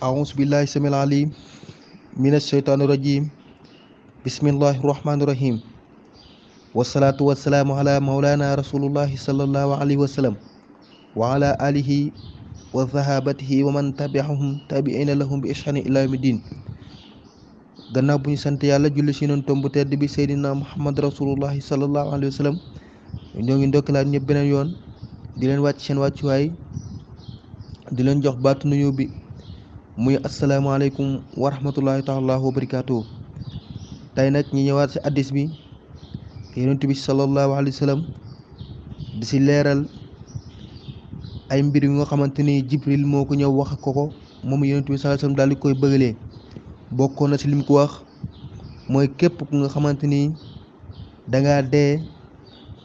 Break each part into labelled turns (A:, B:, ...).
A: أعوذ بالله السميع العليم من الشيطان الرجيم بسم الله الرحمن الرحيم والصلاة والسلام على مولانا رسول الله صلى الله عليه وسلم وعلى آله وذهابته ومن تبعهم تابعين لهم بإحسان إلى يوم الدين غنا بني سنت يالا جولي سي نون تومبو تيد بي سيدنا محمد رسول الله صلى الله عليه وسلم نيوغي ندوك لا نيب بنن يون دي لين وات سين وات واي دي لين جوخ بات نيو بي muy asalaamaaleykum wa rahmatullahi taala wa barakaatu tey nag ñu ñëwaat si addis bi yonent bi sallallahu alayhi wa sallam di si leeral ay mbir yu nga xamante ni jibril moo ko ñëw wax ko ko moom yonent bi sallallahu alayhi daal di koy bëggalee bokkoon na si lim ko wax mooy képp ku nga xamante ni dangaa dee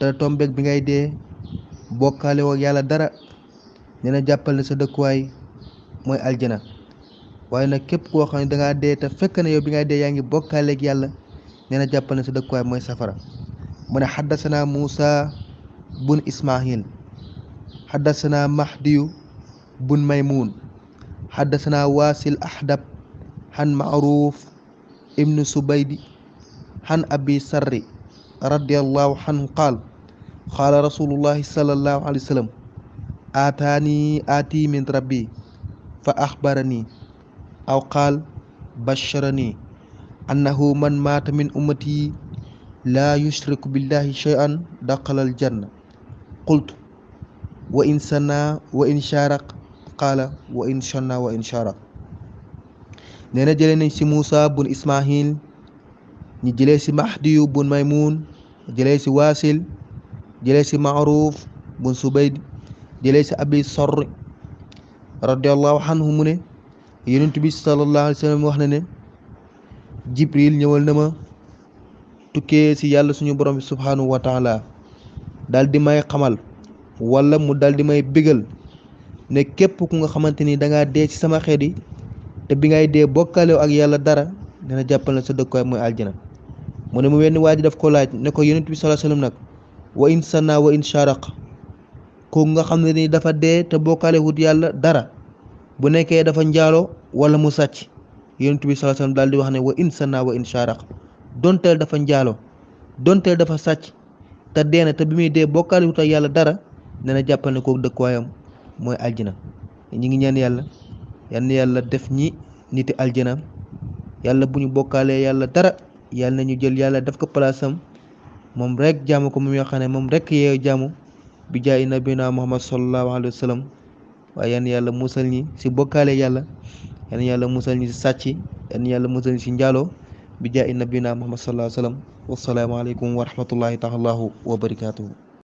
A: te tombeeg bi ngay dee bokkaale woo yàlla dara nee na jàppal ne sa dëkkuwaay mooy aljana waaye nag képp koo xam ne da ngaa dee te fekk na yow bi ngay dee yaa ngi bokkaaleeg yàlla nee na jàppal ne sa dëkkuwaay mooy safara mu ne xaddasana Muusa bun Ismaahil xaddasana Mahdiyu bun Maymuun xaddasana Waasil Ahdab xan Maaruuf ibnu xan Abi Sarri radiallahu anhu qaal qaala rasulullahi sallallahu alayhi aataani aati min rabbi fa axbarani أو قال بشرني أنه من مات من أمتي لا يشرك بالله شيئا دخل الجنة قلت وإن سنا وإن شارق قال وإن شنى وإن شارق نينا جلينا سي موسى بن إسماعيل ني جلي سي مهدي بن ميمون جلي سي واسل جلي سي معروف بن سبيد جلي سي أبي صر رضي الله عنه منه yonent bi sallallahu alayhi wa wax na ne jibril ñëwal na ma tukkee ci yàlla suñu borom bi subhaanahu wa taala di may xamal walla mu daal di may bégal ne képp ku nga xamante ni da dee ci sama xeet yi te bi ngay dee bokkaalew ak yàlla dara dana jàppale na sa dëkkuwaay mooy aljana mu ne mu wenn waa ji daf ko laaj ne ko yonent bi sallallahu alayhi wa sallam nag wa in wa in kooku nga xam ne ni dafa dee te bokkaale wut yàlla dara bu nekkee dafa njaaloo wala mu sàcc yonent bi sallallahu alayhi wasallam daal di wax ne wa in sana wa in donteel dafa njaaloo donteel dafa sàcc te dee te bi muy dee bokkaale wutal yàlla dara nee na jàppal dëkkuwaayam mooy aljina ñi ngi ñeen yàlla yal yàlla def ñi niti aljina yàlla bu ñu bokkaalee yàlla dara yàlla ñu jël yàlla def ko palaasam moom rek jaamu ko mu yoo xam ne moom rek yeew jaamu bi jaay nabina muhammad sallallahu alayhi wa sallam waaye yan yàlla musal ñi si bokkaale yàlla yan yàlla musal ñi si sàcc yan yàlla musal ñi si njaaloo bi jaayi nabina muhammad sallallahu alayhi wa sallam wassalaamu aleykum wa rahmatullahi taala wa barakaatuhu